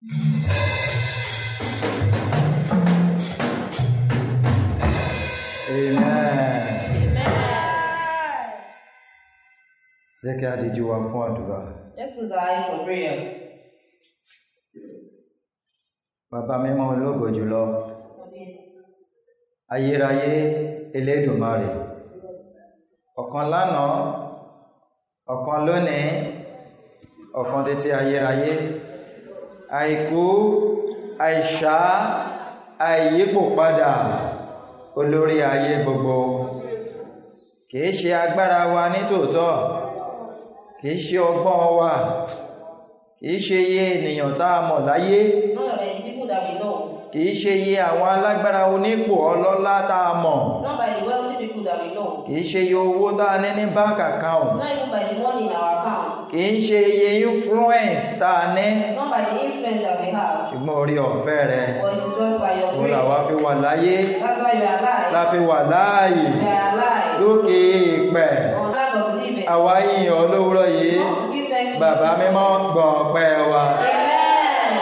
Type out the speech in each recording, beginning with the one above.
Amen. Amen. Zekia, did you have fun to God? Let's close our eyes for prayer. Bàbá mímọ́ ológo jùlọ. Ayérayé Elédùmarè. Ọ̀kan lánàá, ọ̀kan lónìí, ọ̀kan títí ayérayé àìkú àìṣá àìyípo padà olórí ayé gbogbo kìí ṣe agbára wa nítòótọ́ kìí ṣe ọgbọ́n wa kìí ṣe iye ènìyàn tá a mọ̀ láyé kìí ṣe iye àwọn alágbára onípò ọlọ́lá tá a mọ̀ kìí ṣe iye owó tá a ní ní báńkì account kì í ṣe iye influence tá a ní. not by the influence that we have. ṣùgbọ́n orí ọ̀fẹ́ rẹ. but it's just by your grace. òun fi wà láyé. that's why you are alive. la fi wà láàyè. you are alive. lókè ìpẹ́. on that of living. àwa yìnyín olówó yìí. bàbá mímọ́ gbọ̀n ọpẹ́ wa. amen.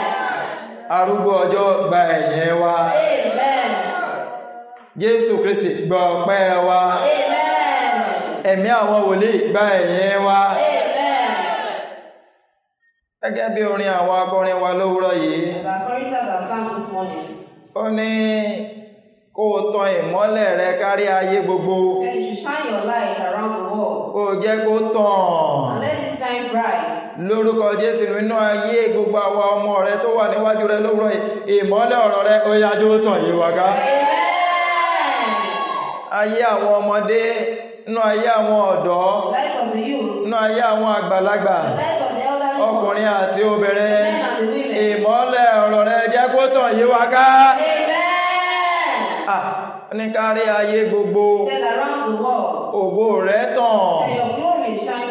arúgbó ọjọ́ gba ẹ̀yìn wa. amen. jésù kristi gbọ̀n ọpẹ́ wa. amen. ẹ̀mí àwọn wòlíì gba ẹ̀yìn wa. amen gẹ́gẹ́ bí orin àwọn akọrin wa lówùúrọ̀ yìí. ó ní kó o tan ìmọ́lẹ̀ rẹ kárí ayé gbogbo. kó o jẹ́ kó tàn. lórúkọ Jésù nínú ayé gbogbo àwa ọmọ rẹ tó wà níwájú rẹ lówùúrọ̀ yìí ìmọ́lẹ̀ ọ̀rọ̀ rẹ ó yájú tàn yìí wá ká. ayé àwọn ọmọdé nínú ayé àwọn ọ̀dọ́ nínú ayé àwọn àgbàlagbà ọkùnrin àti obìnrin ìmọ́lẹ̀ ọ̀rọ̀ rẹ jẹ́ kó tàn yí wa ká ní kárí ayé gbogbo ògo rẹ tàn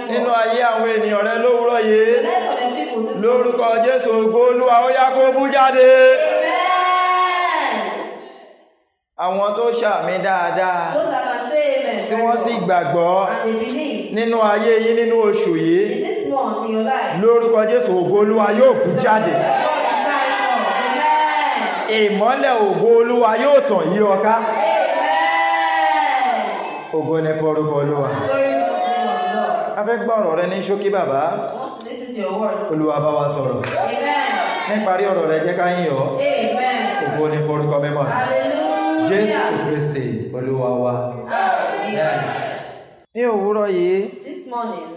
nínú ayé àwọn ènìyàn rẹ lówùúrọ̀ yìí lórúkọ Jésù ògo ó yá kó bú jáde àwọn tó ṣàmì dáadáa tí wọ́n sì gbàgbọ́ nínú ayé yín nínú oṣù yìí lórúkọ jésù ògo olúwa yóò bú jáde ìmọ́lẹ̀ ògo olúwa yóò tàn yí ọ ká ògo ni forúkọ olúwa a fẹ́ gbọ́ ọ̀rọ̀ rẹ ní ṣókí bàbá olúwa bá wa sọ̀rọ̀ níparí ọ̀rọ̀ rẹ jẹ́ ká yìn ọ́ ògo ni forúkọ mímọ́ jésù kristi olúwa wa ní òwúrọ̀ yìí this morning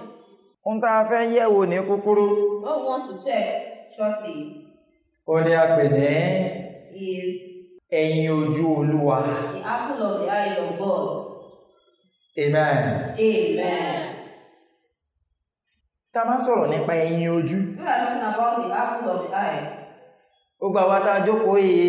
ń tá a fẹ́ yẹ̀wò ní kúkúrú. what we want to check shortly. ó ní a pè ní. is. ẹyin ojú olúwa. the apple of the eye of God. amen. amen. tá a bá sọ̀rọ̀ nípa ẹyin ojú. we are talking about the apple of the eye. gbogbo àwa tá a jókòó yìí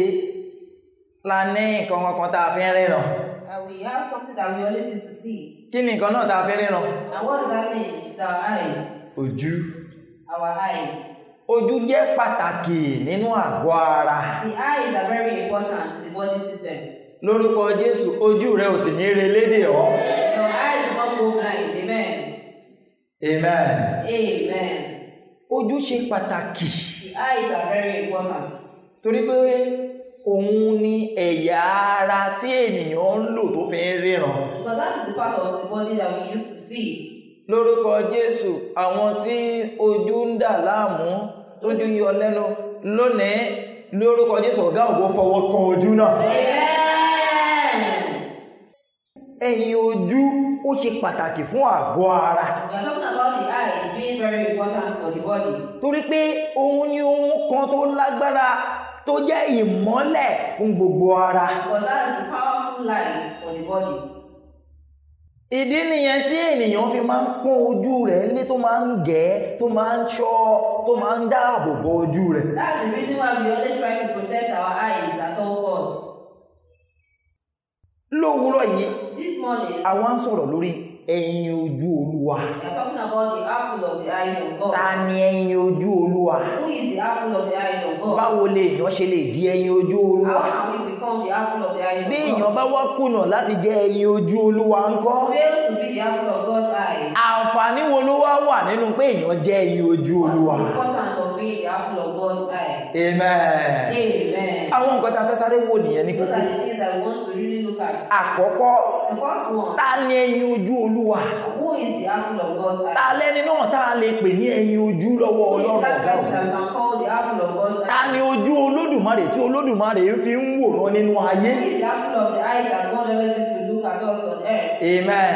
la ní nǹkan kan tá a fi ń rìnà. And we have something that we always used to see. Kí ni nǹkan náà tá a fi ríran? And what does that mean? is our eyes. Ojú. Our eyes. Ojú jẹ́ pàtàkì nínú àgọ́ ara. The eyes are very important to the body system. Lórúkọ Jésù, ojú rẹ ò sì ní relédè ọ́. Your eyes don go blind, amen. Amen. Amen. Ojú ṣe pàtàkì. The eyes are very important. Torí pé òun ni ẹ̀yà ara tí ènìyàn ń lò tó fi ń ríran. Because that is the part of the body that we used to see. Lórúkọ Jésù, àwọn tí ojú ń dà láàmú, tójú yọ lẹ́nu lónìí, lórúkọ Jésù ọ̀gá ògbó fọwọ́ kan ojú náà. Ẹ̀yìn ojú ó ṣe pàtàkì fún àgọ́ ara. We are talking about the eye being very important for the body. Torí pé òun ni ohun kan tó lágbára tó jẹ́ ìmọ́lẹ̀ fún gbogbo ara. Ịdị niyentị Ìdí ènìyàn fi máa ń pọ́n ojú rẹ̀ lé tó máa ń gẹ̀ ẹ́, tó máa ń ṣọ́ ọ, tó máa ń ojú rẹ̀. That's the reason why we always to protect our eyes at all costs. Lówùúrọ̀ yìí, sọ̀rọ̀ ẹyin ojú olúwa. the apple of the eye of God. Ta ni ẹyin ojú olúwa? the apple of the eye of God? Báwo lè èèyàn ṣe lè di ẹyin ojú olúwa? How can we become the apple of the eye of God? Bí èèyàn bá wá kùnà láti jẹ ẹyin ojú olúwa ńkọ́. the apple of God's eye. Àǹfààní wo ló wá wà nínú pé èèyàn jẹ ẹyin ojú olúwa? the importance of being the apple of God's eye? Amen. Amen. Àwọn nǹkan tá a fẹ́ sáré wò nìyẹn ní kúkú. the things I want to really look at. Àkọ́kọ́ ta ni ẹyin ojú olúwa ta lẹ́ni náà tá a lè pè ní ẹyin ojú lọ́wọ́ ọlọ́run ọ̀gá òun ta ni ojú olódùmarè tí olódùmarè fi ń wòran nínú ayé. amen.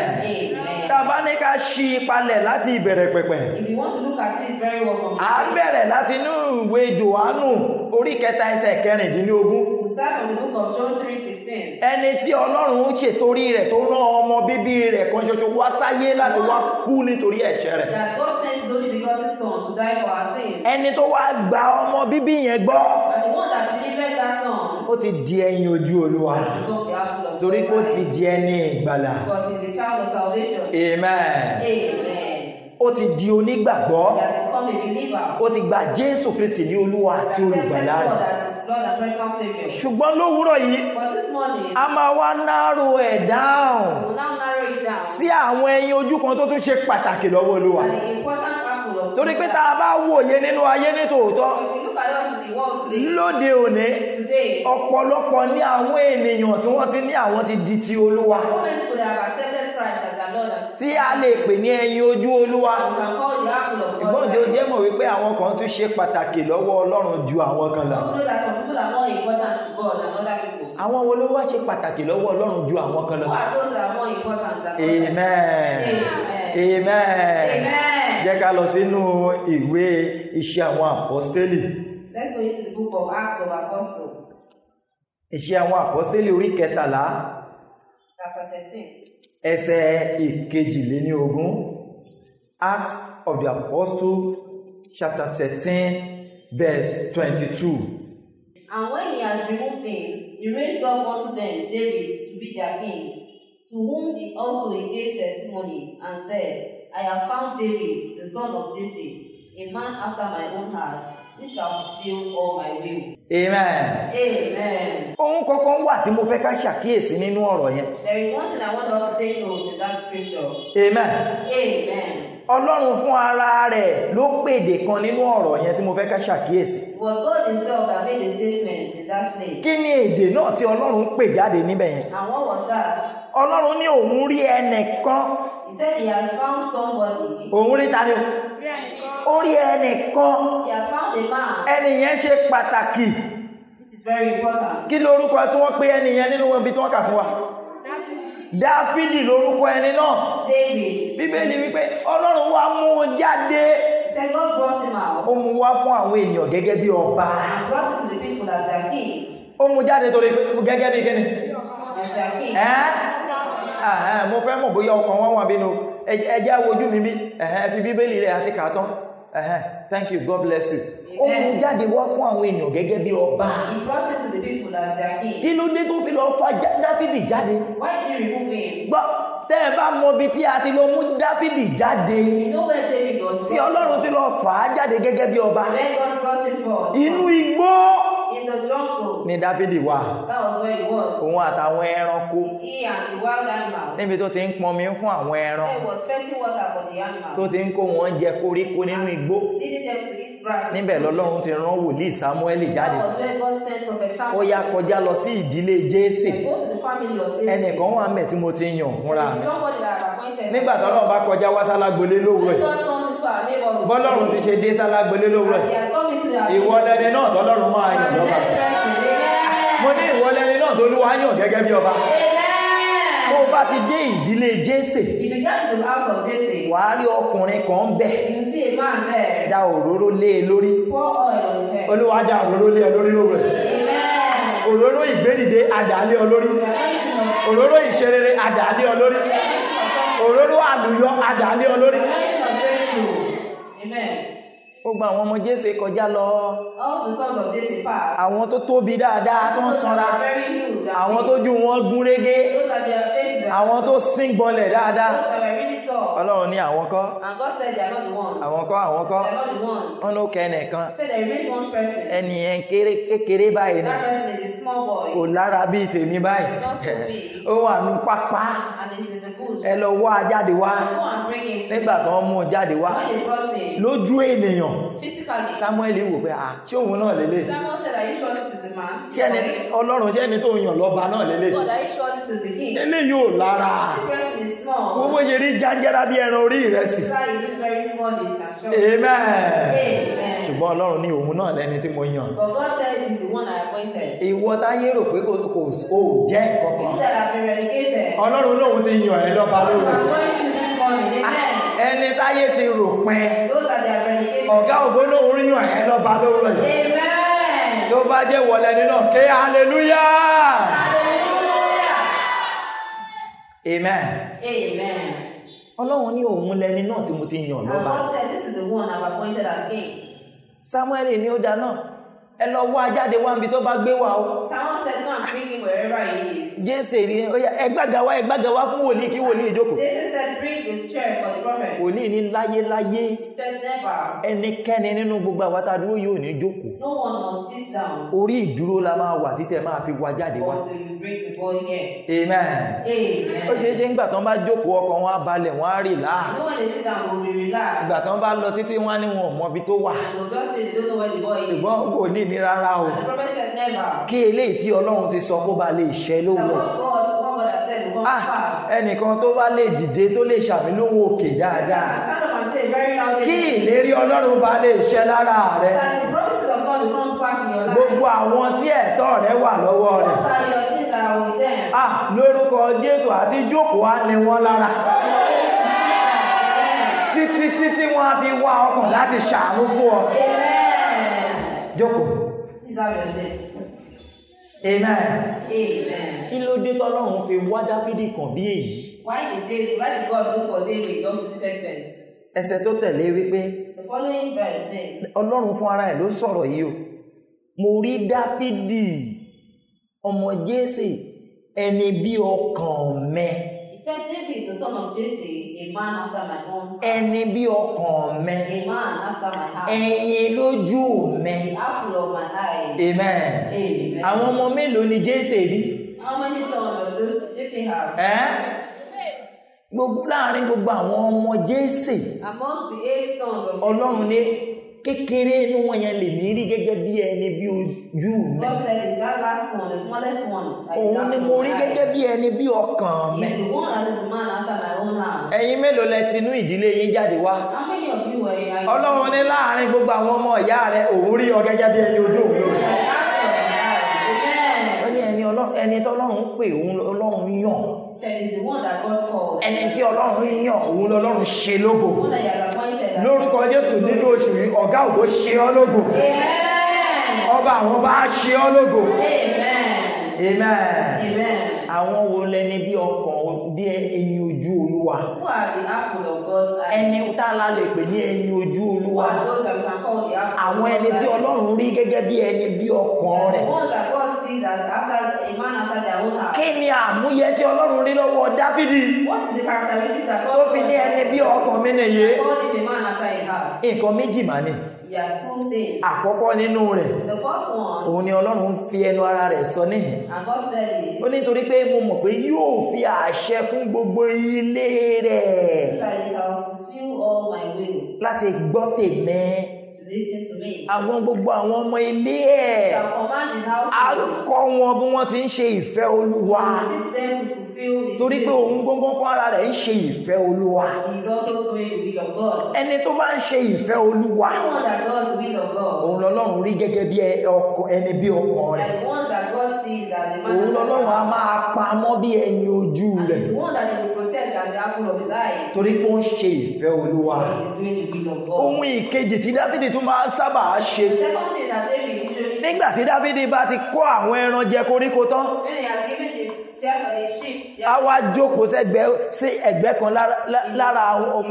tàbá ní ká ṣí palẹ̀ láti ìbẹ̀rẹ̀ pẹ̀pẹ̀. a bẹ̀rẹ̀ láti inú ìwé Jòhánù orí kẹta ẹsẹ̀ kẹrìndínlógún ẹni tí ọlọ́run ń ṣètorí rẹ̀ tó rán ọmọ bíbí rẹ̀ kan ṣoṣo wá sáyé láti wá kú nítorí ẹ̀ṣẹ̀ rẹ̀ ẹni tó wá gba ọmọ bíbí yẹn gbọ́ ó ti di ẹyin ojú olúwa torí kó ti di ẹni ìgbàlà amen ó ti di onígbàgbọ́ ó ti gba Jésù Kristi ní olúwa àti olùgbàlà rẹ̀. Lord and personal Savior. Ṣùgbọ́n lówùúrọ̀ yìí, a máa wá narrow ẹ̀ down sí àwọn ẹyin ojú kan tó tún ṣe pàtàkì lọ́wọ́ Olúwa. And the important torí pé tá a bá wòye nínú ayé ní tòótọ́ lóde òní ọ̀pọ̀lọpọ̀ ní àwọn ènìyàn tí wọ́n ti ní àwọn ti di ti olúwa tí a lè pè ní ẹyin ojú olúwa ìgbọ́n tí ó jẹ́ mọ̀ wípé àwọn kan tún ṣe pàtàkì lọ́wọ́ ọlọ́run ju àwọn kan lọ àwọn wo ló wá ṣe pàtàkì lọ́wọ́ ọlọ́run ju àwọn kan lọ amen amen amen jẹ́ ká lọ sínú ìwé iṣẹ́ àwọn àpọ́stélì. Let's go into the book of Acts of Apostles. Iṣẹ́ àwọn àpọ́stélì orí kẹtàlá. Chapter thirteen. Ẹsẹ̀ ìkejìléní ogún. Acts of the Apostle chapter thirteen verse twenty-two. And when he had removed them, he raised up unto them David to be their king, to whom he also gave testimony and said, I have found David, the son of Jesse, a man after my own heart, who shall fulfill all my will. Amen. Amen. Ohun kankan wà tí mo fẹ́ ká ṣàkíyèsí nínú ọ̀rọ̀ yẹn. There is one thing I want to take note in that scripture. Amen. Amen ọlọ́run fún ara rẹ̀ ló pèdè kan nínú ọ̀rọ̀ yẹn tí mo fẹ́ ká ṣàkíyèsí. was God himself that made the statement in that place. kí ni èdè náà tí ọlọ́run pè jáde níbẹ̀ yẹn. and what was that. ọlọ́run ní òun rí ẹnìkan. he said he had found somebody. òun rí ta o. ó rí ẹnìkan. he had found a man. ẹni yẹn ṣe pàtàkì. it is very important. kí lorúkọ tí wọ́n pe ẹni yẹn nínú ibi tí wọ́n kà fún wa dáfídì lórúkọ ẹni náà bíbélì wípé ọlọ́run wá mú un jáde ó mú wá fún àwọn ènìyàn gẹ́gẹ́ bí ọba ó mú jáde torí gẹ́gẹ́ bí kíni mo fẹ́ mọ̀ bóyá ọkàn wọn wà bínú ẹ jẹ́ wojú mi bí fi bíbélì rẹ̀ àti kàtán thank you god bless you. ó mú jáde wá fún àwọn èèyàn gẹ́gẹ́ bí ọba. he brought it to the people as their king. kí ló dé tó fi lọ fa dáfídì jáde. why did he remove him. gbọ́ tẹ́ ẹ bá mọ ibi tí a ti lọ mú dáfídì jáde. you know where david was born. tí ọlọ́run ti lọ fà á jáde gẹ́gẹ́ bí ọba. where god brought him from. inú igbó. In the jungle. Ní Dáfídì wà. That was where he was. Òun àtàwọn ẹranko. the wild animals. Níbi tó ti ń pọnmi fún àwọn ẹran. was fetching water for the animals. Tó ti ń kó wọn jẹ koríko nínú igbó. to eat grass. Níbẹ̀ lọ́lọ́run ti rán wòlíì Sámúẹ́lì jáde. That was where God sent Prophet Samuel. Ó yá kọjá lọ sí ìdílé Jésè. Go to the family of Jésè. Ẹnìkan wà mẹ́ tí mo ti yàn fúnra mi. Somebody that I appointed. Nígbà tọ́lọ́run bá kọjá wá sálágbolé lówùrọ̀ yìí. Bọ́lọ́run ti ṣe dé sálágbolé lówùrọ̀ yìí ìwọlẹ́ni náà tọ́lọ́run máa yàn lọ́ba mo ní ìwọlẹ́ni náà tó lúwa yàn gẹ́gẹ́ bí ọba tó bá ti dé ìdílé Jésè wàá rí ọkùnrin kan ń bẹ da òróró lé e lórí olúwa da òróró lé e lórí lóore òróró ìgbédìde adàlé ọ òróró ìṣerere adàlé ọ òróró àlùyọ adàlé ọ Amen gbogbo àwọn ọmọ jésè kọjá lọ àwọn tó tóbi dáadáa tó ń sanra àwọn tó ju wọn gún régé àwọn tó síngbọnlẹ̀ dáadáa Ọlọ́run ní àwọn kọ́. Àwọn kọ́ àwọn kọ́. Wọ́n ló kẹ́ ẹnìkan. Ẹni yẹn kékeré báyìí ni. Kò lára bíi tèmi báyìí. Ó wà ní pápá. Ẹ lọ wá jáde wá. Nígbà tí wọ́n mú un jáde wá. Lójú ènìyàn. Samuel wò pé à ah, ṣé òun náà lélẹ̀. Ṣé ẹni Ọlọ́run ṣé ẹni tó yàn lọ́ba náà lélẹ̀. Eléyìí ò lára. Gbogbo ṣe rí jáde jẹ́ra bí ẹran orí ìrẹsì. amen. ṣùgbọ́n ọlọ́run ní òun náà lẹ́ni tí mo yàn. ìwọ táyé rò pé kò ò jẹ́ nǹkan kan. ọlọ́run lóun ti yàn ẹ́ lọ́ba lóru. ẹni táyé ti rò pin. ọ̀gá ògo lóun yàn ẹ́ lọ́ba lóru. tó bá jẹ́ wọlé nínú ké hallelujah. Amen. Amen ọlọ́run ní òun lẹni náà tí mo ti yàn lọ́ba. this is the one I appointed as king. Samuel ni ó dáná ẹ lọ wá jáde wá níbi tó bá gbé wá o. someone said no i'm bringing wherever he is. jésè rí ọyà ẹgbàgà wá ẹgbàgà wá fún wòlíì kí wòlíì jókòó. jésè said bring the chair for the prophet. wòlíì ní láyéláyé. he said never. ẹnikẹ́ni nínú gbogbo àwa tá a dúró yóò ní jókòó. no one must sit down. orí ìdúró la máa wà títẹ̀ máa fi wá jáde wá. also you bring the ball here. amen. amen. ó ṣeé ṣe ńgbà tán bá jókòó ọkàn wọn á balẹ̀ wọn á relax. no one dey sit down go be relax. ìgbà tán bá lọ títí wọn á ní wọn ò mọ ibi tó wà ní rárá o kí eléyìí tí ọlọ́run ti sọ kó ba lè ṣẹ lóòlọ́ ah, ẹnìkan tó bá lè dìde tó lè ṣàmì lóhun òkè dáadáa kí ìlérí ọlọ́run ba lè ṣẹ lára rẹ gbogbo àwọn tí ẹ̀tọ́ rẹ wà lọ́wọ́ rẹ ah, lórúkọ Jésù àti jókòó á ní wọn lára títí títí wọn á fi wá ọkàn láti ṣàánú fún ọ. Amen jókòó. amen. kí ló dé tọ́lọ́run fi wá dáfídì kàn bí èyí. why the day why the God look for David don to this extent. ẹsẹ̀ tó tẹ̀lé wípé. the following verse then. ọlọ́run fún ara ẹ̀ ló sọ̀rọ̀ yìí o mo rí dáfídì ọmọ jésè ẹni bí ọkàn mẹ́ẹ̀. Said David, the of Jesse, a man after my own. Ẹni bí ọkàn mi. A man after my heart. Ẹyin lójú mi. The my eye. Amen. Amen. Àwọn ọmọ mélòó ni Jesse bí? How many sons of Jesse have? Eh? Gbogbo láàárín gbogbo àwọn ọmọ Jésè. Among the eight sons of Jesse. Ọlọ́run ní kékeré inú wọn yẹn lè mí rí gẹ́gẹ́ bí ẹni bí ojú mi. òun ni mo rí gẹ́gẹ́ bí ẹni bí ọkàn mi. ẹ̀yin mélòó lẹ ti ìdílé yín jáde wá. ọlọ́run ní láàárín gbogbo àwọn ọmọ ìyá rẹ òun rí ọ gẹ́gẹ́ bí ẹni ojú òun ẹni tó ọlọ́run pè òun ọlọ́run yàn. ẹni tí ọlọ́run yàn òun lọ́lọ́run ṣe lógo lórúkọ jésù nínú oṣù yìí ọ̀gá ògo ṣe ọ́ lógo ọba àwọn bá ṣe ọ́ lógo amen àwọn wo lẹni bí ọkàn bí ẹyin ojú olúwa ẹni tá a la lè pè ní ẹyin ojú olúwa àwọn ẹni tí ọlọ́run rí gẹ́gẹ́ bí ẹni bí ọkàn rẹ̀ kí ni àmúyẹ tí ọlọ́run rí lọ́wọ́ dáfídì tó fi ní ẹni bí ọkàn mi nìyé nǹkan méjì mà ní àkọ́kọ́ nínú rẹ̀ òun ni ọlọ́run fi ẹnu ara rẹ̀ sọ níhìn ó nítorí pé mo mọ̀ pé yóò fi àṣẹ fún gbogbo ilé rẹ̀ láti gbọ́ tèmẹ́ àwọn gbogbo àwọn ọmọ ilé ẹ̀ á kọ́ wọn bí wọ́n ti ń ṣe ìfẹ́ olúwa torí pé òun gbọ́ngàn fún ara rẹ̀ ń ṣe ìfẹ́ olúwa ẹni tó bá ń ṣe ìfẹ́ olúwa òun lọ́lọ́run rí gẹ́gẹ́ bí ẹni bí ọkàn rẹ̀ òun lọ́lọ́run a máa pamọ́ bí ẹyin ojú rẹ̀ torí pé ó ń ṣe ìfẹ́ olúwa ohun ìkejì tí dáfídì tún máa ń sábà ṣe nígbà tí dáfídì bá ti kó àwọn ẹran jẹ koríko tán a wá jókòó sẹ́gbẹ́ sí ẹ̀gbẹ́ kan lára àwọn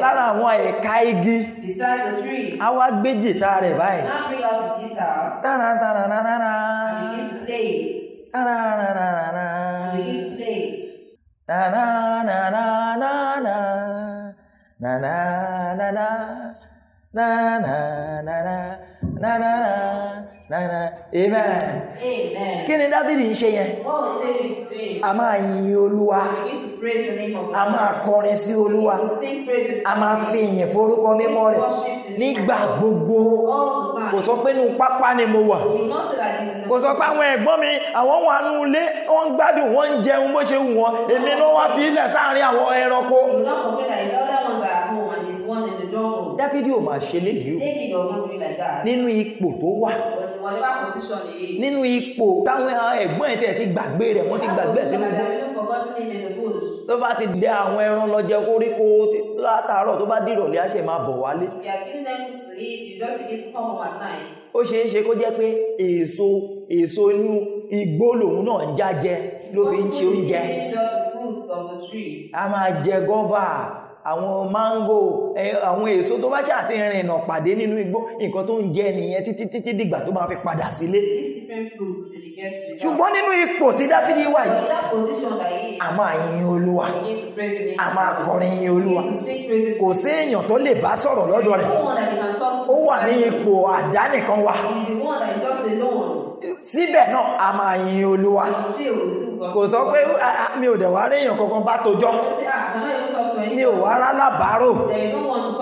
lára àwọn ẹ̀ka igi a wá gbé jìtá rẹ̀ báyìí tààrà tààrà rárá tààrà rárá rárá rárá rárá na na na na na na na na na na na nana amen kí ni Dáfídì ń ṣe yẹn a máa yin Olúwa a máa kọrin sí Olúwa a máa fi ìyìn forúkọ mímọ́ rẹ̀ nígbà gbogbo kò sọ pé inú pápá ni mo wà kò sọ pé àwọn ẹ̀gbọ́n mi àwọn wà nínú ilé wọ́n ń gbádùn wọ́n ń jẹun bó ṣe wù wọ́n èmi náà wá fi ilẹ̀ sáàrin àwọn ẹranko dáfídì ò máa ṣe léyìí o nínú ipò tó wà nínú ipò táwọn ah, ẹ̀gbọ́n ẹ̀ tẹ̀ ti gbàgbé rẹ̀ wọ́n ti gbàgbé sínú gbó tó bá ti dẹ àwọn ẹran lọ jẹ koríko látàárọ̀ tó bá dìrọ̀lẹ́ á ṣe máa bọ̀ wálé ó ṣeé ṣe kó jẹ́ pé èso èso inú igbó lòun náà ń jájẹ ló fi ń ṣe oúnjẹ a máa jẹ gọ́và àwọn mango àwọn èso tó bá ṣáà ti pàdé nínú igbó nǹkan tó ń jẹ nìyẹn títí títí dìgbà tó máa fi padà sílé ṣùgbọ́n nínú ipò tí dáfídì wà yìí a máa yin olúwa a máa kọrin yin olúwa kò sí èèyàn tó lè bá sọ̀rọ̀ lọ́dọ̀ rẹ̀ ó wà ní ipò àdánìkan wà síbẹ̀ náà a máa yin olúwa kò sọ pé ah, ah, mi ò dẹ̀ wá rí èèyàn kankan bá tojọ́ mi ò wá rálábàárò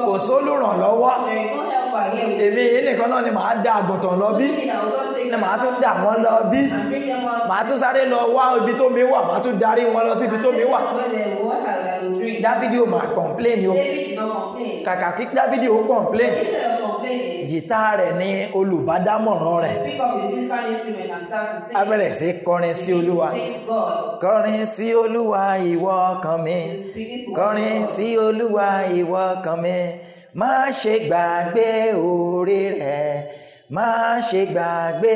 kò sólùrànlọ́wọ́ èmi yìí nìkan náà ni màá da àgùntàn lọ bí ni màá tún dà wọ́n lọ bí màá tún sáré lọ wá ibi tó mi wà màá tún darí wọn lọ sí ibi tó mi wà dávidi ò máa complain o kàkà kí dávidi ò complain jìtá rẹ̀ ní olùbádámọ̀ràn rẹ̀ abẹ́rẹ́ sí kọrin sí olúwa kọrin sí olúwa ìwọ ọkàn mi kọrin sí olúwa ìwọ ọkàn mi má ṣe gbàgbé oore rẹ̀ má ṣe gbàgbé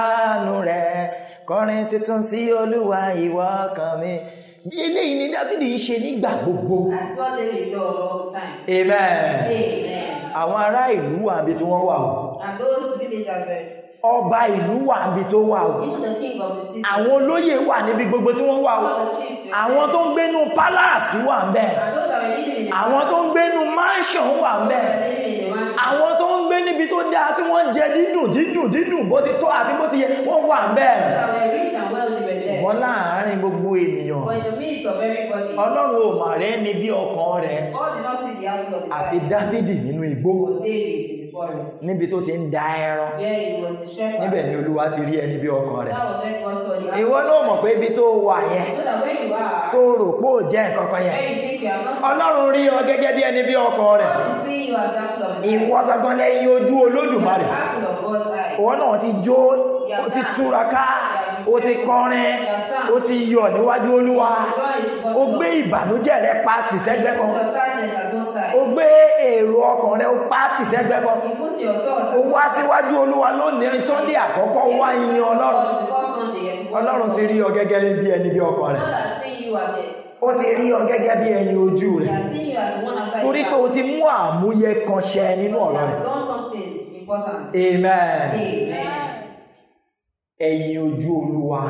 àánú rẹ̀ kọrin tuntun sí olúwa ìwọ ọkàn mi eléyìí ni dávidi ń ṣe nígbà gbogbo amen àwọn ará ìlú wà níbi tí wọ́n wà o ọba ìlú wà níbi tó wà o àwọn olóyè wà níbi gbogbo tí wọ́n wà o àwọn tó ń gbénú pálásì wà ń bẹ̀ àwọn tó ń gbénú mansion wà ń bẹ̀ àwọn tó ń gbé níbi tó dáa tí wọ́n jẹ dídùn dídùn dídùn bó ti tọ́ àti bó ti yẹ wọ́n wà ń bẹ̀ mọ́ láàárín gbogbo ènìyàn. in the midst of everybody. Ọlọ́run ò mà rẹ́ ni bí ọkàn rẹ̀. God did not see the outlook of the Àfi Dávidi nínú igbó. For David níbi tó ti ń da ẹran níbẹ̀ ni olúwa ti rí ẹni bí ọkàn rẹ̀ ìwọ náà mọ̀ pé ibi tó wà yẹn tó rò pé ò jẹ́ kankan yẹn ọlọ́run rí ọ gẹ́gẹ́ bí ẹni bí ọkàn rẹ̀ ìwọ gangan lẹ́yìn ojú olódùmarè ìwọ náà ti jó ó ti túra káà ó ti kọrin ó ti yọ̀ níwájú olúwa ó gbé ìbànújẹ́ rẹ pa tì sẹ́gbẹ́ kan ó gbé èrò ọkàn rẹ ó pa tì sẹ́gbẹ́ kan ó wá síwájú olúwa lónìí sunday àkọ́kọ́ wá yin ọlọ́run ọlọ́run ti rí ọ gẹ́gẹ́ bí ẹni bí ọkàn rẹ ó ti rí ọ gẹ́gẹ́ bí ẹyin ojú rẹ̀ torí pé o ti mú àmúyẹ kan ṣẹ nínú ọ̀rọ̀ rẹ̀ amen. amen. ẹyin ojú olúwa.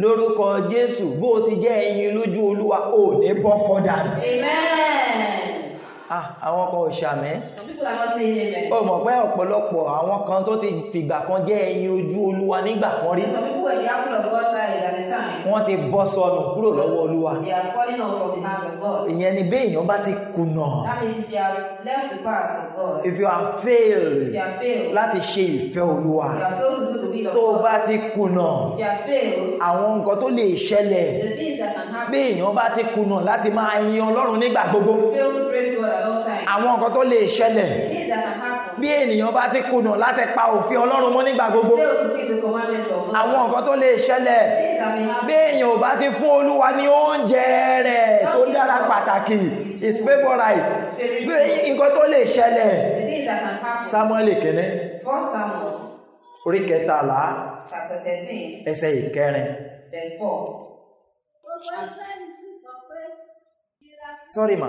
lórúkọ jésù bó ti jẹ́ ẹyin lójú olúwa ò ní bọ́ fọ́dà. amen. Ah, àwọn ọkọ̀ òṣàmẹ́ ó mọ̀ pé ọ̀pọ̀lọpọ̀ àwọn kan tó ti fìgbà kan jẹ́ ẹyin ojú olúwa nígbà kan rí wọ́n ti bọ́ sọnù kúrò lọ́wọ́ olúwa ìyẹn ni bí èèyàn bá ti kùnà if you are failed láti ṣe ìfẹ́ olúwa tó o bá ti kùnà àwọn nǹkan tó lè ṣẹlẹ̀ bí èèyàn bá ti kùnà láti máa yin ọlọ́run nígbà gbogbo àwọn nǹkan tó lè ṣẹlẹ̀ bí ènìyàn bá ti kùnà láti pa òfin ọlọ́run mọ́ nígbà gbogbo àwọn nǹkan tó lè ṣẹlẹ̀ bí èèyàn ò bá ti fún olúwa ní oúnjẹ rẹ̀ tó dára pàtàkì his favourite bí nǹkan tó lè ṣẹlẹ̀ Samuel kìíní orí kẹtàlá ẹsẹ̀ ìkẹrin sorry ma.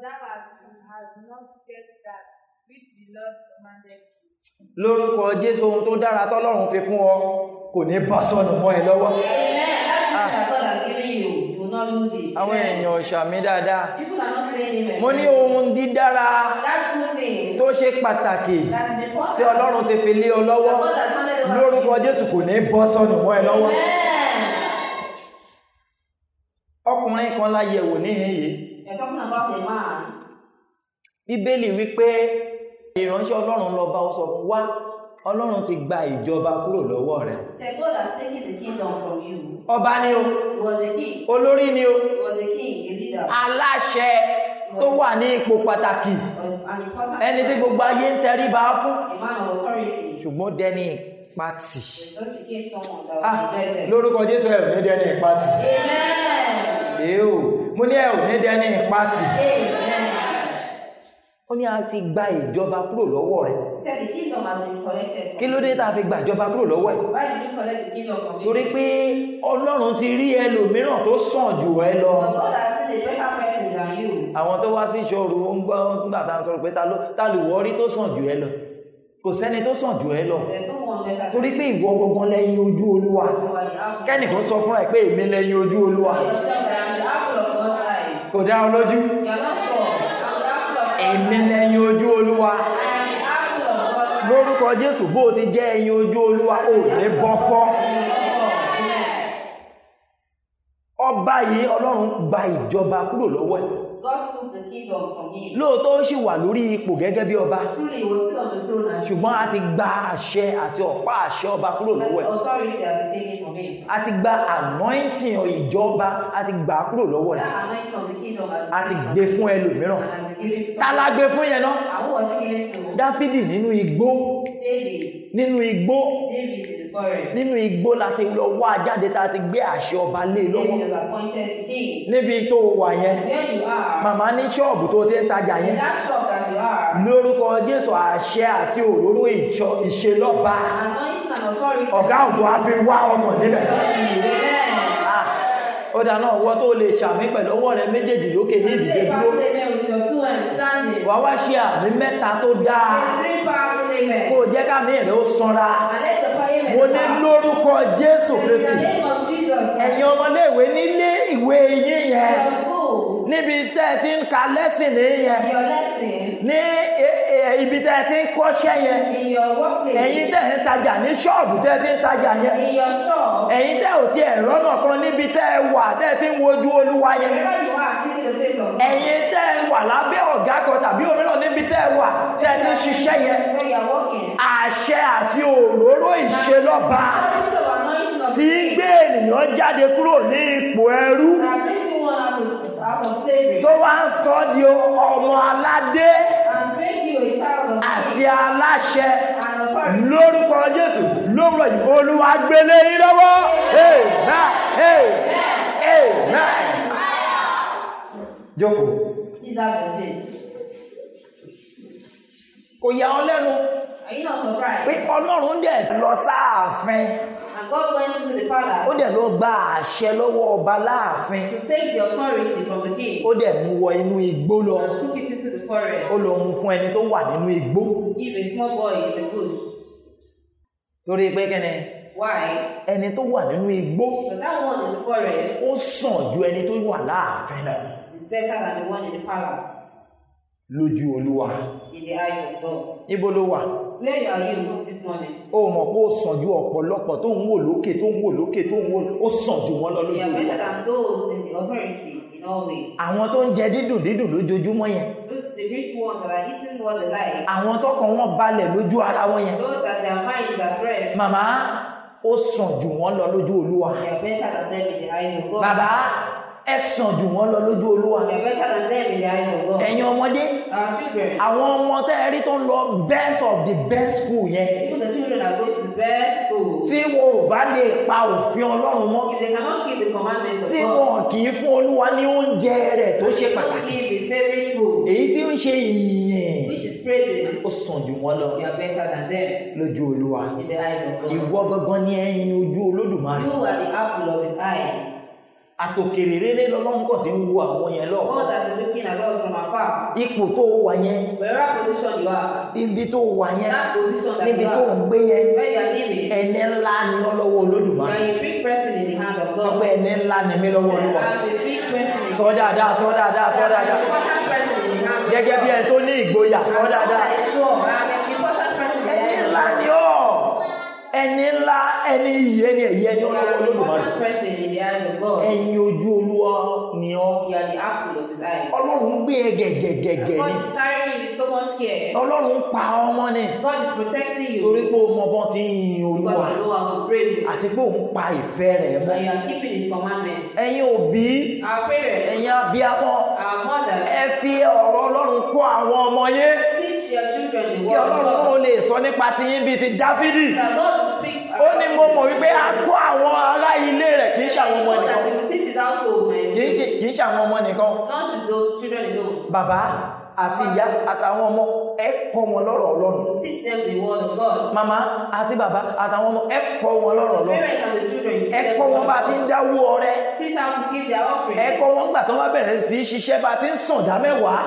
thou hast not kept that which the Lord commanded thee. Lórúkọ Jésù ohun tó dára tọ́lọ́run fi fún ọ kò ní bọ́ sọnù mọ́ ẹ lọ́wọ́. Àwọn èèyàn ọ̀ṣà mi dáadáa. Mo ní ohun dídára tó ṣe pàtàkì tí Ọlọ́run ti fi lé ọ lọ́wọ́. Lórúkọ Jésù kò ní bọ́ sọnù mọ́ ẹ lọ́wọ́. Ọkùnrin kan láyẹ̀wò níhìn yìí bíbélì wípé ìránṣẹ́ ọlọ́run lọ bá ó sọ fún wa ọlọ́run ti gba ìjọba kúrò lọ́wọ́ rẹ̀. ọba ni o olórí ni o aláṣẹ tó wà ní ipò pàtàkì ẹni tí gbogbo ayé ń tẹríba fún ṣùgbọ́n dẹni pati ah, lórúkọ jésù ẹ̀ ní dẹni pati mo ní ẹ ò ní dẹni ìpatì ó ní a ti gba ìjọba kúrò lọ́wọ́ rẹ̀ kí ló dé tá a fi gba ìjọba kúrò lọ́wọ́ ẹ̀ torí pé ọlọ́run ti rí ẹlòmíràn tó sàn jù ẹ lọ àwọn tó wá sí ìṣòro ó ń gbọ́ nígbà tá a sọ̀rọ̀ pé ta ló wọ́rí tó sàn jù ẹ lọ kò sẹ́ni tó sàn jù ẹ lọ torí pé ìwọ gangan lẹ́yìn ojú olúwa kẹ́nìkan sọ fúnra ẹ̀ pé èmi lẹ́yìn ojú olúwa kò dá ọ lójú ẹ̀mí lẹ́yìn ojú olúwa lórúkọ jésù bó ti jẹ́ ẹ̀yìn ojú olúwa ò ní bọ́fọ́ ọba yìí ọlọ́run gba ìjọba kúrò lọ́wọ́ ẹ̀. lóòótọ́ ó sì wà lórí ipò gẹ́gẹ́ bí ọba ṣùgbọ́n a ti gba àṣẹ àti ọ̀pá àṣẹ ọba kúrò lọ́wọ́ ẹ̀. a ti gba anointing ìjọba a ti gbà kúrò lọ́wọ́ rẹ̀ a ti gbé fún ẹlòmíràn ta la gbé fún yẹn náà dáfídì nínú igbó nínú igbó nínú igbó láti lọ wá jáde tá a ti gbé àṣẹ ọba lé e lọ́wọ́ níbi tó wà yẹn màmá ní ṣọ́ọ̀bù tó ti ń tajà yẹn lórúkọ Jésù àṣẹ àti òróró ìṣelọ́ba ọ̀gá ògbó á fi wá ọmọ níbẹ̀ ọ̀dà ah, náà wọ́n tó lè ṣàmì pẹ̀lú ọwọ́ rẹ méjèèjì lókè ní ìdíje dúró wà wá ṣe àmì mẹ́ta tó dáa kó jẹ́ ká mi rẹ̀ ó sanra mo ní lórúkọ Jésù Kristi ẹ̀yin ọmọléèwé nílé ìwé yín yẹn níbi tẹ́ ẹ ti ń ka lẹ́sìn ní yẹn ní ibi tẹ́ ẹ ti ń kọ́ṣẹ́ yẹn ẹ̀yin tẹ́ ẹ ń tajà ní ṣọ́ọ̀bù tẹ́ ẹ ti ń tajà yẹn ẹ̀yin tẹ́ ò ti ẹ̀ rọ́nà kan níbi tẹ́ ẹ wà tẹ́ ẹ ti ń wojú Olúwa yẹn ẹ̀yin tẹ́ ẹ wà lábẹ́ ọ̀gá kan tàbí òmíràn níbi tẹ́ ẹ wà tẹ́ ẹ ti ń ṣiṣẹ́ yẹn àṣẹ àti òróró ìṣelọ́ba tí ń gbé ènìyàn jáde kúrò ní ipò ẹrú tó wá ń sọ di ọmọ aládé àti aláṣẹ lórúkọ Jésù lórúkọ yìí Olúwa gbélé yín lọ́wọ́ amen amen amen jókòó kò yà ọ́ lẹ́nu pé ọlọ́run dẹ̀ lọ sáàfin ó dẹ̀ ló gba àṣẹ lọ́wọ́ ọba láàfin ó dẹ̀ mú wọ inú igbó lọ ó lọ mú fún ẹni tó wà nínú igbó torí pé kẹ́ni ẹni tó wà nínú igbó ó sàn ju ẹni tó wà láàfin lọ. It's better than the one in the palace lójú olúwa níbo ló wà ó mọ̀ pé ó sàn ju ọ̀pọ̀lọpọ̀ tó ń wò lókè tó ń wò lókè tó ń wò ó sàn ju wọn lọ lójú olúwa àwọn tó ń jẹ dídùn dídùn lójoojúmọ́ yẹn àwọn tọkàn wọn balẹ̀ lójú ara wọn yẹn màmá ó sàn ju wọn lọ lójú olúwa bàbá ẹ sàn jù wọ́n lọ lójú olúwa. ẹ̀yin ọmọdé àwọn ọmọ tẹ́ ẹ rí tó ń lọ best of the best school yẹn. tí wọn ò bá lè pa òfin ọlọ́run mọ́. tí wọn kì í fún olúwa ní oúnjẹ rẹ̀ tó ṣe pàtàkì. èyí tí ń ṣe ìyẹn ó sàn jù wọ́n lọ lójú olúwa. ìwọ gangan ni ẹyin ojú olódùmarè àtòkèrè rere lọ́lọ́nkọ̀ tí ń wo àwọn yẹn lọ. ipò tó wà yẹn. ibi tó wà yẹn. níbi tó ń gbé yẹn. ẹni ńlá ni ọ lọ́wọ́ Olódùmarè. sọ pé ẹni ńlá ni mí lọ́wọ́ Olúwa. sọ dáadáa sọ dáadáa sọ dáadáa. gẹ́gẹ́ bí ẹni tó ní ìgboyà sọ dáadáa. ẹni ńlá ẹni yìí ẹni ẹ̀yẹ ẹni ọlọ́wọ́ olódùmarè ẹ̀yin ojú olúwa ni ọ́. you are the apple of his eye. gbé ẹ e gẹ̀gẹ̀gẹ̀gẹ̀ ni. God is carrying you with so much care. ọlọ́run pa ọmọ ni. God is protecting you. torí pé ọmọ bọ́n ti ń yin olúwa. who prays. àti pé òun pa ìfẹ́ rẹ̀ mọ́. so you are keeping his commandment. ẹ̀yin òbí. our parents. ẹ̀yin abiyamọ. our mothers. ẹ fi ọ̀rọ̀ ọlọ́run kọ́ àwọn ọmọ yẹn. teach your children the word. kí ọlọ́run ó lè sọ nípa tiyín bíi ti dáfídì. the Lord ni mo mọ̀ wípé a kó àwọn ará ilé rẹ̀ kì í ṣe àwọn ọmọ nìkan. kì í ṣe kì í ṣe àwọn ọmọ nìkan. bàbá àti ìyá àtàwọn ọmọ ẹ kọ́ wọn lọ́rọ̀ Ọlọ́run. màmá àti bàbá àtàwọn ọmọ ẹ kọ́ wọn lọ́rọ̀ Ọlọ́run. ẹ kọ́ wọn bá ti ń dáwó ọrẹ. ẹ kọ́ wọn gbà tó wá bẹ̀rẹ̀ sí ṣiṣẹ́ bá ti ń sàn dá mẹ́wàá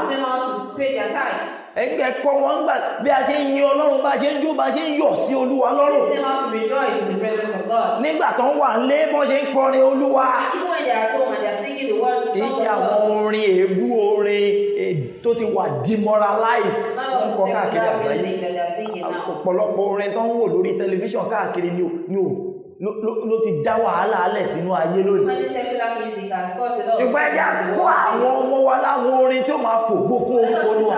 ẹgbẹ́ kọ́ wọn gbà bí a ṣe ń yin ọlọ́run bá ṣe ń jó bá ṣe ń yọ̀ sí olúwa lọ́rùn. nígbà tó ń wà lé bọ́n ṣe ń kọrin olúwa. kì àwọn orin èébú orin e, tó ti wà demoralized tó ń kọ káàkiri àgbáyé ọ̀pọ̀lọpọ̀ orin tó ń wò lórí tẹlifíṣàn káàkiri ni ò ló ti dá wàhálà alẹ̀ sínú ayé lónìí. ṣùgbọ́n ẹ jẹ́ kó àwọn ọmọ wa láwọn orin tí ó máa fògbó fún orúkọ olúwa.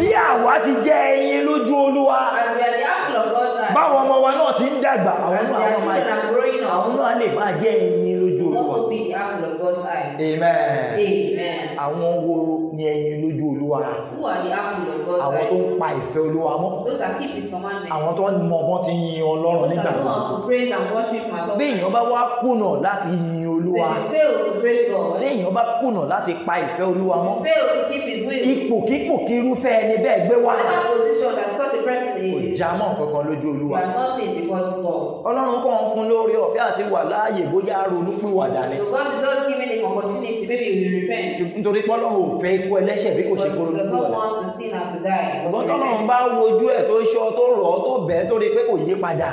bí àwa ti jẹ́ ẹyin lójú olúwa. báwọn ọmọ wa náà ti ń dàgbà àwọn náà àwọn náà lè máa jẹ́ ẹyin be out of God's eye. Amen. Amen. Àwọn wo ni ẹyin lójú Olúwa? Who are the apple of God's eye? Àwọn tó ń pa ìfẹ́ Olúwa mọ́. Those that keep his commandments. Àwọn tó ń mọ ọgbọ́n ti yin Ọlọ́run nígbà tó. Those that know how to praise and worship my God. Bí èèyàn bá wá kùnà láti yin olúwa léèyàn bá kùnà láti pa ìfẹ́ olúwa mọ́ ipòkípò kí irúfẹ́ ẹni bẹ́ẹ̀ gbé wá kò já mọ́ kankan lójú olúwa ọlọ́run kàn fún lórí ọ̀fẹ́ àti wà láàyè bóyá ronú pìwàdà ni nítorí pọ́lọ́run ò fẹ́ ikú ẹlẹ́ṣẹ̀ bí kò ṣe kó ronú pìwàdà ọ̀gbọ́n tọ́lọ́run bá wojú ẹ̀ tó ṣọ́ tó rọ̀ tó bẹ́ẹ̀ tó rí pé kò yí padà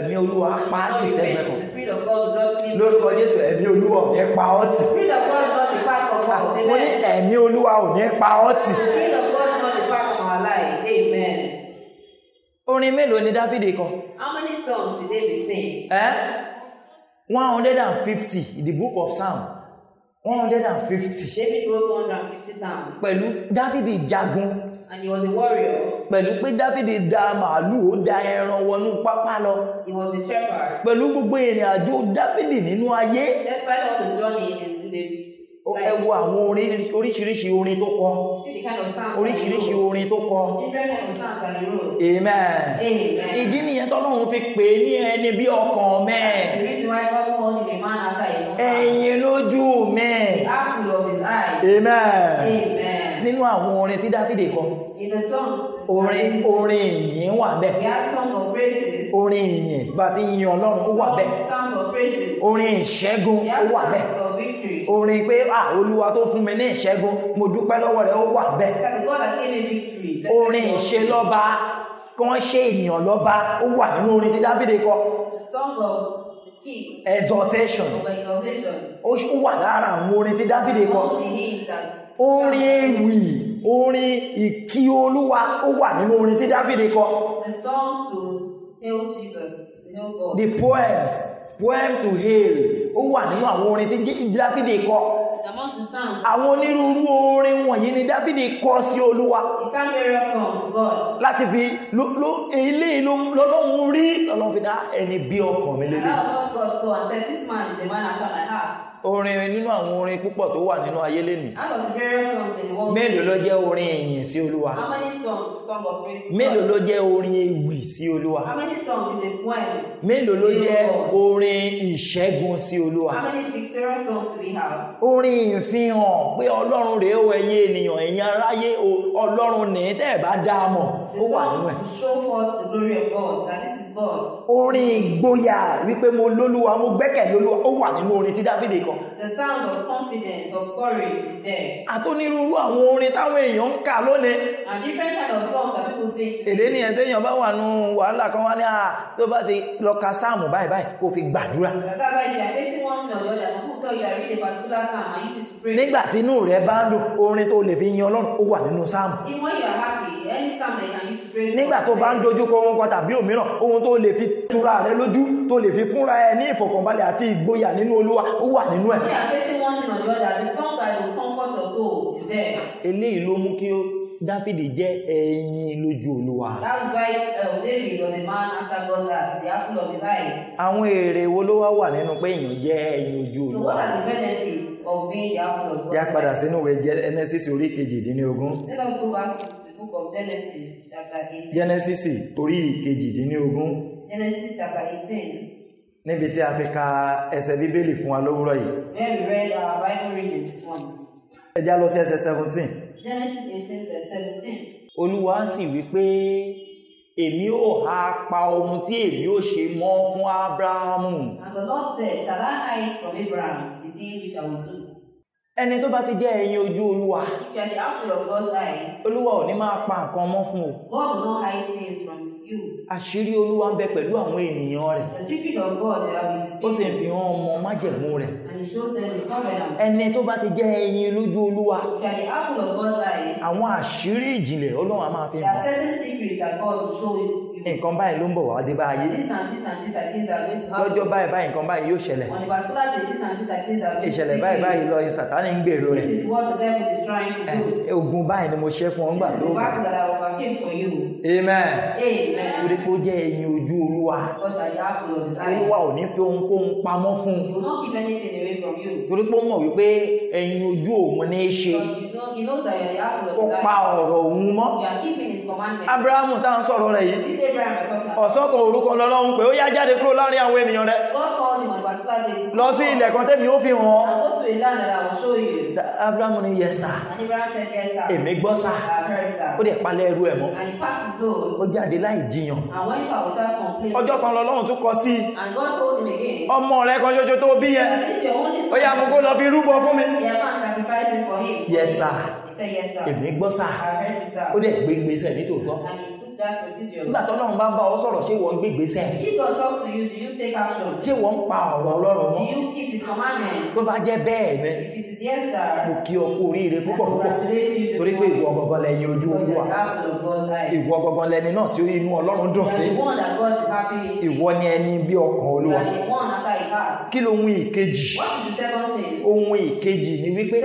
ẹ̀mí olúwa pa á ti sẹ́gbẹ̀ẹ́ kan lórúkọ jésù ẹ̀mí olúwa ò ní pa ọ́ tì ah, mo ní ẹ̀mí olúwa ò ní pa ọ́ tì. orin mélòó ni dáfídì kọ. how many songs did david sing. ẹ one hundred and fifty the book of psalm one hundred and fifty. david wrote one hundred and fifty psalms. pẹ̀lú dáfídì jagun. and he was a warrior pẹ̀lú pé Dáfídì da màálù ó da ẹran wọnú pápá lọ. He was a shepherd. Pẹ̀lú gbogbo ìrìn àjò Dáfídì nínú ayé. Despite all the journey and the ẹ wo àwọn orin oríṣiríṣi orin tó kọ oríṣiríṣi orin tó kọ amen ìdí nìyẹn tọ́lọ́run fi pè é ní ẹni bí ọkàn mẹ́ẹ̀ ẹ̀yin lójú mẹ́ẹ̀ amen. amen. amen. amen nínú àwọn orin tí dáfídè kọ orin orin ìyìn wà bẹ́ẹ̀ orin ìyìn bá ti yin ọlọ́run ó wà bẹ́ẹ̀ orin ìṣẹ́gun ó wà bẹ́ẹ̀ orin pé à olúwa tó fún mi ní ìṣẹ́gun mo dúpẹ́ lọ́wọ́ rẹ̀ ó wà bẹ́ẹ̀ orin ìṣelọ́ba kan ṣe ènìyàn lọ́ba ó wà nínú orin tí dáfídè kọ exhortation ó wà lára àwọn orin tí dáfídè kọ orin ewì orin ìkí olúwa ó wà nínú orin tí Dáfídì kọ. the songs to hail Jesus to hail God. the poems poem to hail ó wà nínú àwọn orin tí Dáfídì kọ. Àwọn onírúurú orin wọ̀nyí ni Dáfídì kọ sí Olúwa. Láti fi ilé lọ́lọ́run rí lọ́lọ́run fi dá ẹni bí ọkàn mi lélẹ̀ orin nínú àwọn orin púpọ̀ tó wà nínú ayé lẹ́nu. mélòó ló jẹ́ orin ìyìn sí olúwa. mélòó ló jẹ́ orin ewì sí olúwa. mélòó ló jẹ́ orin ìṣẹ́gun sí olúwa. orin ìfihàn pé ọlọ́run rèé o ẹ̀yin ènìyàn ẹ̀yin aráyé ọlọ́run ní tẹ́ẹ̀ bá dáa mọ̀ ó wà nínú ẹ̀. Orin ìgboyà wípé mo lólúwa, mo gbẹ́kẹ̀ lólúwa, ó wà nínú orin tí Dáfídì kọ. The sound of confidence of courage is there. Àtónírúurú àwọn orin táwọn èèyàn ń kà lónìí. A different kind of songs that people sing today. Èdè nìyẹn téèyàn bá wà nù wàhálà kan wá ní à tó bá ti lọ ka sáàmù báyìí báyìí kó fi gbàdúrà. Bàbá ìdí àfẹ́sí wọn nà lọ́dà tó kúkọ́ ìyá rí the particular psalm I use it to pray. Nígbà tí inú rẹ̀ bá ń dùn, orin tó lè fi yan Ọlọ́run ó wà nínú sáàmù. Ìwọ́n yóò happy, any psalm that you can use to pray. Nígbà tó bá ń dojú kọ ohun kan tàbí òmíràn, ohun tó lè fi tura rẹ lójú tó lè fi fúnra ẹ ní ìfọ̀kànbalẹ̀ àti ìgboyà nínú olúwa ó wà nínú ẹ̀. eléyìí ló mú kí ó dáfídì jẹ́ ẹyin lójú olúwa. Uh, àwọn èrè wo ló wá wà nínú pé èèyàn jẹ́ ẹyin ojú olúwa. ya padà sínú ìwé Genesis orí kejìdínlógún. Genesis chapter eighteen. Genesis orí kejìdínlógún. Genesis chapter eighteen. Níbi tí a fi ka ẹsẹ̀ Bíbélì fún wa lówùrọ̀ yìí. Where we read our Bible reading from. Ẹ já lọ sí ẹsẹ̀ seventeen. Genesis eighteen verse seventeen. Olúwa sì wí pé èmi ò ha pa ohun tí èmi ò ṣe mọ́ fún Ábúráhámù. And the Lord said, Shall I hide from Abraham the thing which I will do ẹni tó bá ti jẹ́ ẹyin ojú olúwa olúwa ò ní máa pa nǹkan mọ́ fún o àṣírí olúwa ń bẹ pẹ̀lú àwọn ènìyàn rẹ̀ ó sì ń fi hàn ọmọ májẹ̀mú rẹ̀ ẹni tó bá ti jẹ́ ẹyin lójú olúwa àwọn àṣírí ìjìnlẹ̀ olúwa máa fi hàn nǹkan báyìí ló ń bọ̀ wá dé báyìí lọ́jọ́ báyìí báyìí nǹkan báyìí yóò ṣẹlẹ̀ ìṣẹ̀lẹ̀ báyìí báyìí lọ Sátánì ń gbèrò rẹ̀ eh, ogun báyìí ni mo ṣe fún ọ nígbà tó amen torí pé ó jẹ́ ẹyin ojú olú olúwa olúwa ò ní fi ohunkóhun pamọ́ fún un torí pé ó mọ̀ wípé ẹ̀yin ojú òun ní í ṣe ó pa ọ̀rọ̀ òun mọ́ abrahamu tá à ń sọ̀rọ̀ rẹ̀ yìí ọ̀sán kan orúkọ lọ́lọ́run pé ó yá jáde kúrò láàrin àwọn ènìyàn rẹ̀ lọ sí ilẹ̀ kan tẹ́mi ó fi hàn ọ́ abrahamu ni yẹ sá èmi gbọ́ sá ó dẹ̀ palẹ̀ ẹrú ẹ̀ mọ́ ó jáde láì jiyàn ọjọ́ kan lọ́lọ́run tún kọ sí ọmọ rẹ kan ṣoṣo tó bí yẹn ó yá mú kó lọ fi rúbọ fún mi yẹ sá èmi gbọ́ sá ó dẹ̀ gbégbé sẹ́ẹ̀ nítòótọ́ nígbà tó lọ́run bá bá ọ sọ̀rọ̀ ṣé wọ́n ń gbé gbèsè. ṣé wọ́n ń pa ọ̀rọ̀ ọlọ́run mọ́. tó bá jẹ́ bẹ́ẹ̀ ni mo kí ọ kú oríire púpọ̀ púpọ̀ torí pé ìwọ gangan lẹ́yìn ojú olúwa ìwọ gangan lẹni náà tí inú ọlọ́run dùn sí ìwọ ni ẹni bí ọkàn olúwa kí ló ohun ìkejì ìkejì ni wípé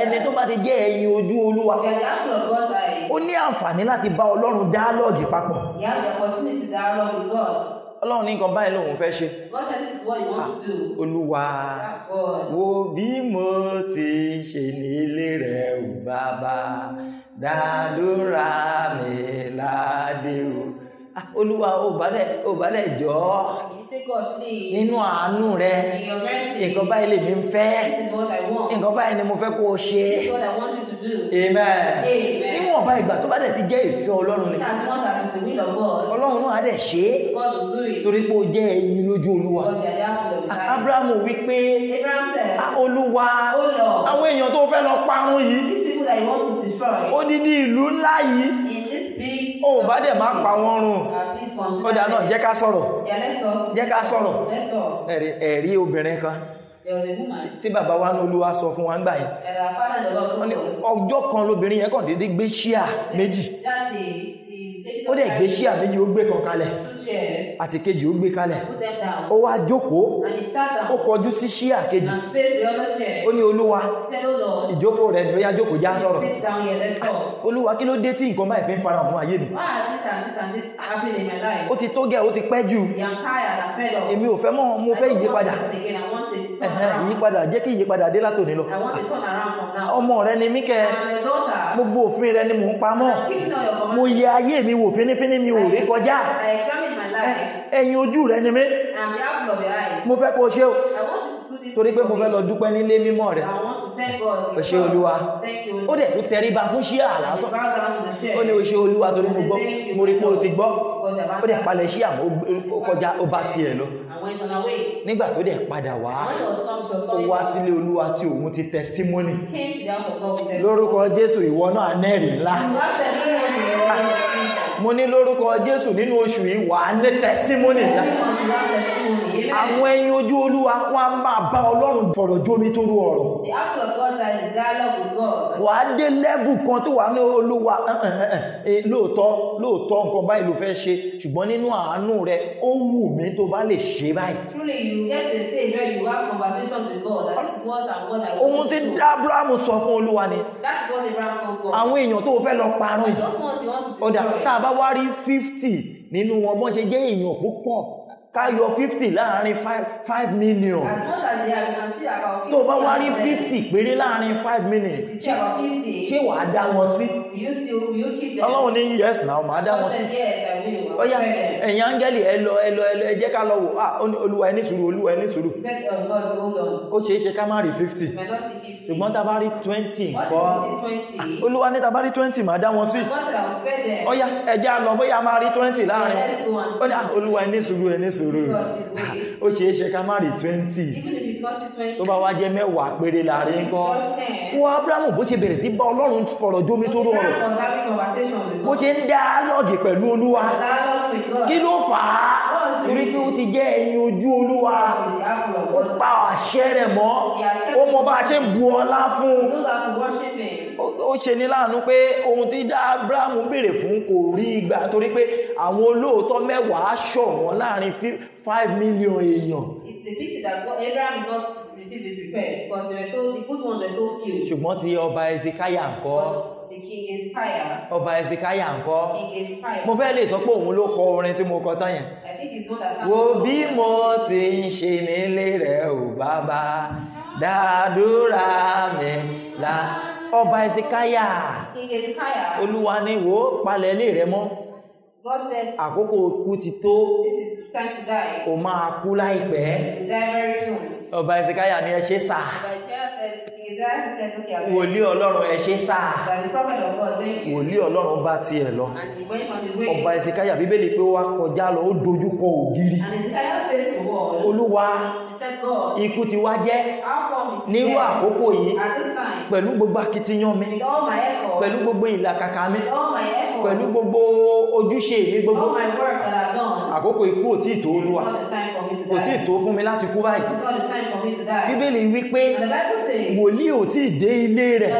ẹni tó bá ti jẹ́ ẹyin ojú ó ní àǹfààní láti bá ọlọ́run dialogue papọ̀. you have the opportunity to dialogue with God. ọlọ́run ní nǹkan báyìí lòun fẹ́ ṣe. this is what you want to do. Ah, olúwa ah, wo bí mo ti ṣe ní ilé rẹ̀ ò bàbá dàdúrà mi ládé ah, olúwa ò bá dẹ̀ ò bá nínú àánú rẹ nǹkan báyìí lèmi ń fẹ́ nǹkan báyìí ni mo fẹ́ kó o ṣe. amen. amen níwọ̀nba ìgbà tó bá dẹ̀ ti jẹ́ ìfẹ́ ọlọ́run ni ọlọ́run náà á dẹ̀ ṣe é torí pé ó jẹ́ ẹyin lójú olúwa abrahamu wípé ah, olúwa oh, àwọn èèyàn tó fẹ́ lọ parun yìí odidi ìlú ńlá yìí o bá dẹ̀ máa pa wọ́n run ó dáa náà jẹ́ ká sọ̀rọ̀ jẹ́ ká sọ̀rọ̀ ẹ̀rí obìnrin kan tí bàbá wa ní olúwa sọ fún wa ń gbà yẹn ọjọ́ kan lóbìnrin yẹn kàn déédéé gbé ṣíà méjì ó dẹ̀ gbé ṣíà méjì ó gbé kan kalẹ̀ àti kejì ó gbé kalẹ̀ ó wá jókòó ó kọjú sí ṣíà kejì ó ní olúwa ìjókòó rẹ̀ lóyá jókòó já sọ̀rọ̀ olúwa kí ló dé tí nǹkan báyìí fi ń fara òun ayé mi ó ti tó gẹ́ ó ti pẹ́ jù èmi ò fẹ́ mọ́ mo fẹ́ yípadà yípadà jẹ́ kí yípadà dé látòní lọ ọmọ rẹ ni mí kẹ́ gbogbo òfin rẹ ni mò ń pamọ́ mo yẹ ayé mi wò fínífíní mi ò rí kọjá ẹ̀yìn ojú rẹ ni mí mo fẹ́ kó o ṣe o torí pé mo fẹ́ lọ dúpẹ́ nílé mímọ́ rẹ̀ ọ̀ṣẹ́ olúwa ó dẹ̀ tó tẹríba fún ṣíà lásán ó ní ọ̀ṣẹ́ olúwa torí mo gbọ́ mo rí pé o ti gbọ́ ó dẹ̀ palẹ̀ ṣíà ó kọjá ó bá tiẹ̀ lọ nígbà tó dẹ̀ padà wá ó wá sílé olúwa tí òun ti testimony lórúkọ jésù ìwọ náà nẹ́rìí ńlá mo ní lórúkọ jésù nínú oṣù yìí wà á ní tẹsímọ́nì ìyá àwọn ẹyin ojú olúwa wọn a máa bá ọlọ́run fọ̀rọ̀ jómi tó rú ọ̀rọ̀ wà á dé lẹ́bù kan tó wà ní olúwa lóòótọ́ lóòótọ́ nǹkan báyìí ló fẹ́ ṣe ṣùgbọ́n nínú àánú rẹ ó wù mí tó bá lè ṣe báyìí. ohun tí abrahamu sọ fún olúwa ni àwọn èèyàn tó fẹ́ lọ parun yìí ọ̀dà tá a bá wá rí 50 nínú wọn bọ́n ṣe jẹ́ èèyàn púpọ̀ ká yọ 50 láàrin five million tó bá wá rí 50 péré láàrin five million ṣé wàá dá wọn sí ọlọ́run ní yes now màá dá wọn sí ọ̀yá ẹ̀yin áńgẹ́lì ẹ lọ ẹ lọ ẹ lọ ẹ jẹ́ ká lọ wò ah olúwa ẹ ní sùúrù olúwa ẹ ní sùúrù oh ó ṣeé ṣe ká má rí 50 ṣùgbọ́n tá a bá rí 20 nǹkan olúwa ní tá a bá rí 20 màá dá wọn sí ọ̀yá ẹ jẹ́ á lọ bóyá a máa rí 20 láàrin ah, olúwa ẹ ní sùúrù ẹ ní sùúrù sùúrù ó ṣeé ṣe ká má rí twenty tó bá wá jẹ́ mẹ́wàá péré láàrin kan wọ́n abrahamu bó ṣe bẹ̀rẹ̀ sí bá ọlọ́run fọ̀rọ̀ jómi tó rọrọ̀ bó ṣe ń dá lọ́ọ̀gì pẹ̀lú olúwa kí ló fà á torí pé ó ti jẹ́ ẹyin ojú olúwa ó pa àṣẹ rẹ̀ mọ́ ó mọ bá ṣe ń bu ọlá fún ó ṣe ní láàánú pé ohun tí abrahamu béèrè fún kò rí gbà torí pé àwọn olóòótọ́ mẹ́wàá ṣọ̀wọ́n láàrin five million èèyàn. ṣùgbọ́n ti ọba Hezekiah ńkọ́. ọba Hezekiah ńkọ́. mo fẹ́ lè sọ pé òun ló kọ orin tí mo kọ tán yẹn wo bí mo ti ń ṣe nílé rẹ̀ ò bàbá dàdúrà mi la ọba ẹsìkáyà olúwa ní wo palẹ̀ ilé rẹ̀ mọ́ àkókò kú ti tó o máa kú láìpẹ́ ọba ìsìkáyà ni ẹ ṣe sà eh, wòlíì ọlọ́run ẹ ṣe sà wòlíì ọlọ́run bá tiẹ̀ lọ ọba ìsìkáyà bíbélì pé wá kọjá lọ ó dojú kọ ògiri olúwa ikú ti wá jẹ́ nírú àkókò yìí pẹ̀lú gbogbo akitiyan mi pẹ̀lú gbogbo ìlàkàkà mi pẹ̀lú gbogbo ojúṣe mi gbogbo àkókò ikú ò tí ì tó olúwa kò tí ì tó fún mi láti kú báyìí bíbélì wípé wòlíì ò tí ì dé ilé rẹ̀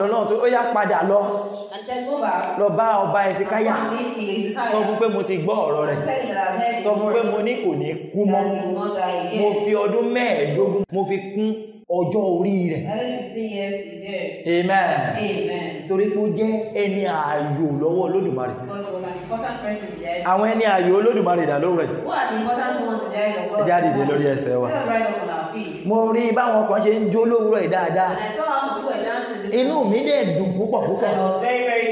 lọ́nà tó ó yá padà lọ lọ bá ọba ẹ̀sìkáyà sọ fún pé mo ti gbọ́ ọ̀rọ̀ rẹ̀ sọ fún pé mo ní kò ní kú mọ́ mo fi ọdún mẹ́ẹ̀ẹ́dógún mo fi kún ọjọ́ orí rẹ̀. amen. amen. torí pé ó jẹ́ ẹni ààyò lọ́wọ́ olódùmarè. àwọn ẹni ààyò olódùmarè dà lóhùn rẹ̀. ẹ jáde dé lórí ẹsẹ̀ wa. mo rí báwọn kan ṣe ń jó lówùúrọ̀ yìí dáadáa. inú mi dẹ̀ dùn púpọ̀ púpọ̀.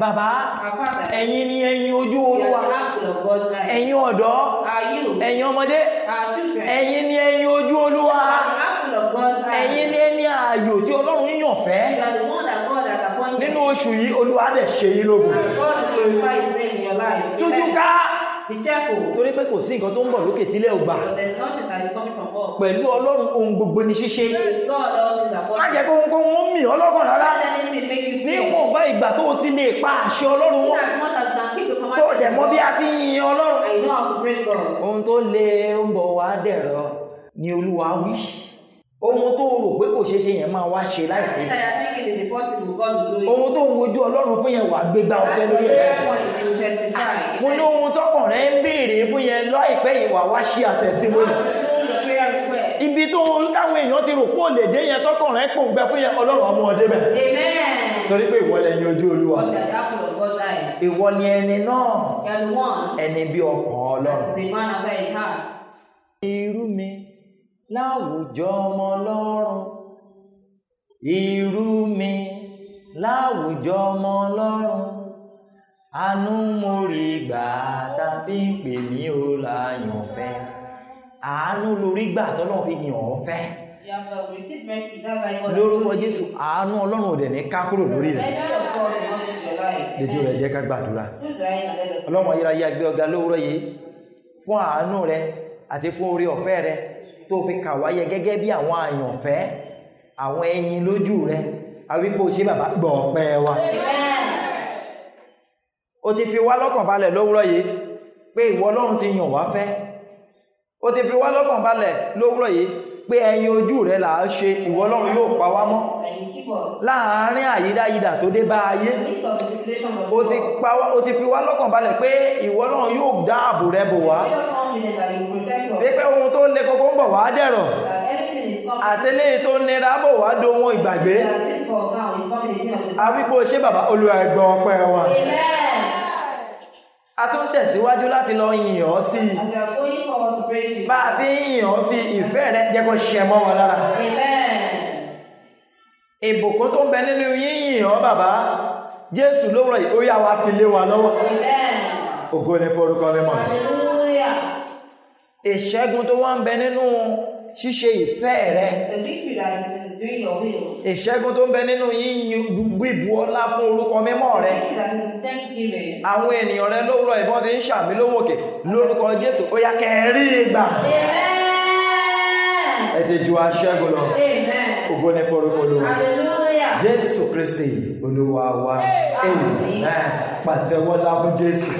bàbá ẹ̀yin ni ẹ̀yin ojú olúwa ẹ̀yin ọ̀dọ́ ẹ̀yin ọmọdé ẹ̀yin ni ẹ̀yin ojú olúwa ẹ̀yin ni ẹni ààyò tí ọlọ́run yàn fẹ́ nínú oṣù yìí olúwa dẹ̀ ṣe yín lógo tójú ká be careful. torí pé kò sí nǹkan tó ń bọ̀ lókè tílẹ̀ ò gbà. there is nothing that is coming from God. pẹ̀lú ọlọ́run ohun gbogbo ni ṣíṣe. má jẹ́ kó ohun kó wọ́n mì ọlọ́kàn rárá. níwọ̀n bá ìgbà tó o ti lè pa àṣẹ ọlọ́run wọn. tó o dẹ̀ mọ̀ bí a ti yin ọlọ́run. ohun tó le ń bọ̀ wá dẹ̀rọ ni olúwa wí ohun tó rò pé kò ṣeéṣe yẹn máa wá ṣe láìpẹ́ ohun tó ń wojú ọlọ́run fún yẹn wà gbégbá ọpẹ́ lórí ẹ̀ mo ní ohun tọkàn rẹ ń béèrè fún yẹn láìpẹ́ yìí wà wá ṣe àtẹ̀símọ́lì ibi tó táwọn èèyàn ti rò pé ò lè dé yẹn tọkàn rẹ pò ń gbẹ fún yẹn ọlọ́run ọmọ ọdẹ bẹ̀ torí pé ìwọ lẹ́yìn ojú olúwa ìwọ ni ẹni náà ẹni bí ọkàn ọlọ́run irú mi láwùjọ ọmọ ọlọ́run irú mi láwùjọ ọmọ ọlọ́run àánú mo rí gbà tá fi ń pè mí ó láyàn fẹ́ àánú lórí gbà tọ́lọ́run fi yàn ọ́ fẹ́ uh, lórúkọ jésù àánú ọlọ́run òdè ní ká kúrò lórí rẹ̀ dojú rẹ̀ jẹ́ ká gbàdúrà ọlọ́run ayérayé agbé ọ̀gá lówùrọ̀ yìí fún àánú rẹ̀ àti fún orí ọ̀fẹ́ rẹ̀ tó fi kà wáyé gẹ́gẹ́ bí àwọn àyànfẹ́ àwọn ẹyin lójú rẹ àwípò ṣe bàbá gbọ̀ ọ̀pẹ wa o ti fi wá lọ́kàn balẹ̀ lówùrọ̀ yìí pé ìwọ ọlọ́run ti yàn wá fẹ́ o ti fi wá lọ́kàn balẹ̀ lówùrọ̀ yìí pé ẹyin ojú rẹ là á ṣe ìwọ ọlọ́run yóò pa wá mọ́ láàárín àyídáyidà tó dé bá ayé o ti fi wá lọ́kàn balẹ̀ pé ìwọ ọlọ́run yóò dáàbò rẹ bò wá pípẹ́ ohun tó ń le koko ń bọ̀ wá dẹ̀rọ̀ àtẹ́lẹ́ tó nira bọ̀ wá do wọn ìgbàgbé àwípò ṣé bàbá olúwa ẹgbọ́ ọpẹ́ wa a tún tẹ̀síwájú láti lọ yìn ọ́ sí i bá a ti yìn ọ́ sí ìfẹ́ rẹ jẹ́ kó ṣẹ mọ́ wọn lára ìbùkún tó ń bẹ nínú yíyìn ọ́ bàbá jésù lówùrọ̀ yìí ó yà wá fi lé wa lọ́wọ́ ògo ni forúkọ mímọ́ rẹ̀ ìṣẹ́gun tó wá ń bẹ nínú ṣíṣe ìfẹ́ rẹ ìṣẹ́gun tó ń bẹ nínú yíyìn bíbu ọlá fún orúkọ mímọ́ rẹ àwọn ènìyàn rẹ lówùrọ̀ ìbọn ti ń ṣàmì lówòkè lórúkọ Jésù ó yá kẹrí ìgbà ẹ ti ju aṣẹ́gun lọ ògo ni forúkọ lówó Jésù Kristi Olúwa wa amen pàtẹ́wọ́ ńlá fún Jésù.